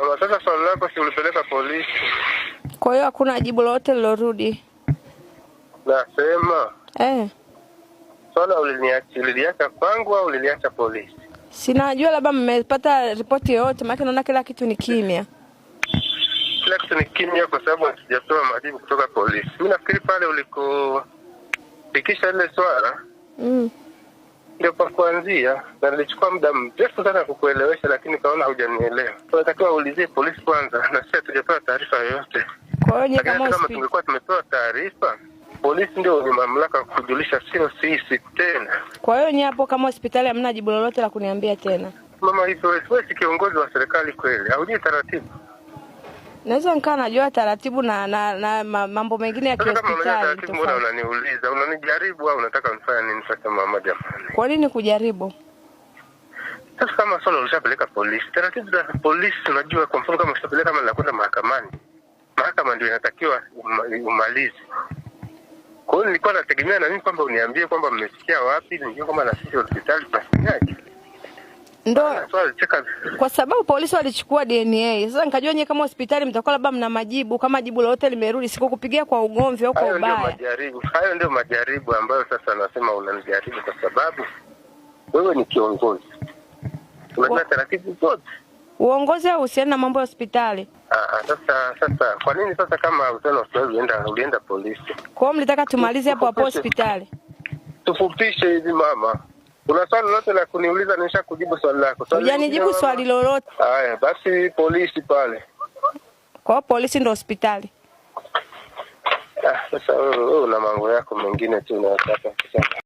Baba, sasa swali lako si ulipeleka polisi? Kwa hiyo hakuna jibu lolote lilorudi? Nasema eh, swala uliliacha kwangu au uliliacha polisi? Sinajua, labda mmepata ripoti yoyote, maana naona kila kitu ni kimya. Kila kitu ni kimya kwa sababu hatujapewa majibu kutoka polisi. Mimi nafikiri pale ulikofikisha ile swala mm ndio pa kuanzia, na nilichukua muda mrefu sana kukuelewesha, lakini kaona hujanielewa. Unatakiwa ulizie polisi kwanza, na sisi hatujapewa taarifa yoyote. Kwa hiyo kama tungekuwa tumepewa taarifa polisi ndio wenye mamlaka ya kujulisha, sio sisi tena. Kwa hiyo ni hapo, kama hospitali hamna jibu lolote la kuniambia tena, mama, hivyo wewe si kiongozi wa serikali kweli? Haujui taratibu naweza nikawa najua taratibu na na, na mambo mengine ya kihospitali. Mbona unaniuliza? Unanijaribu au unataka nifanye nini sasa mama jamani? Kwa nini kujaribu? Sasa kama sasa ulishapeleka polisi, taratibu za polisi unajua, kwa mfano kama ushapeleka mali nakwenda mahakamani, mahakama ndio inatakiwa umalizi. Kwa hiyo nilikuwa nategemea na mimi kwamba uniambie kwamba mmesikia wapi, nijue kwamba na sisi hospitali tunafanyaje ndo kwa sababu polisi walichukua DNA. Sasa nikajua nyewe kama hospitali mtakuwa labda mna majibu, kama jibu lolote limerudi. Sikukupigia kwa ugomvi au kwa ubaya. Hayo ndio majaribu, hayo ndio majaribu ambayo sasa nasema unanijaribu, kwa sababu wewe ni kiongozi, tunajua taratibu zote. Uongozi hauhusiani na mambo ya hospitali. Aa, ah, ah, sasa sasa kwa nini sasa kama hospitali ulienda ulienda polisi? Kwa hiyo mlitaka tumalize hapo hapo hospitali, tufupishe hivi mama kuna swali lolote la kuniuliza? Nimesha kujibu swali lako. Hujanijibu swali lolote. Haya basi, polisi pale. Kwa hiyo polisi ndo hospitali? Ah, sasa una mambo yako mengine tu unayotaka